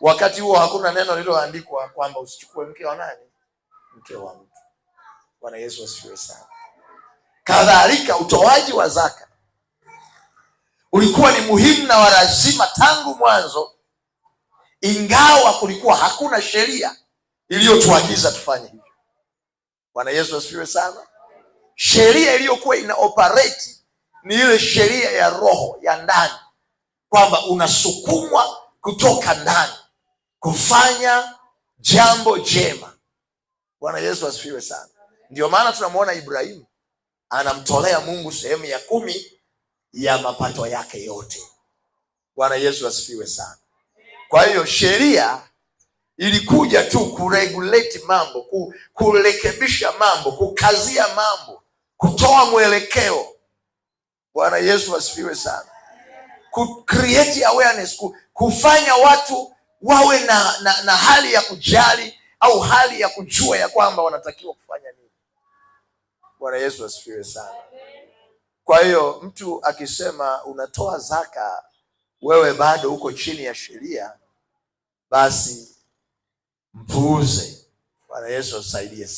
Wakati huo hakuna neno lililoandikwa kwamba usichukue mke wa nani, mke wa mtu. Bwana Yesu asifiwe sana. Kadhalika utoaji wa zaka ulikuwa ni muhimu na warazima tangu mwanzo, ingawa kulikuwa hakuna sheria iliyotuagiza tufanye hivyo. Bwana Yesu asifiwe sana. Sheria iliyokuwa ina operate ni ile sheria ya roho ya ndani, kwamba unasukumwa kutoka ndani kufanya jambo jema. Bwana Yesu asifiwe sana. Ndio maana tunamwona Ibrahimu anamtolea Mungu sehemu ya kumi ya mapato yake yote. Bwana Yesu asifiwe sana. Kwa hiyo sheria ilikuja tu kuregulate mambo, kurekebisha mambo, kukazia mambo, kutoa mwelekeo. Bwana Yesu asifiwe sana, ku create awareness, kufanya watu wawe na, na, na hali ya kujali au hali ya kujua ya kwamba wanatakiwa kufanya nini. Bwana Yesu asifiwe sana. Kwa hiyo mtu akisema unatoa zaka, wewe bado uko chini ya sheria, basi mpuuze. Bwana Yesu asaidie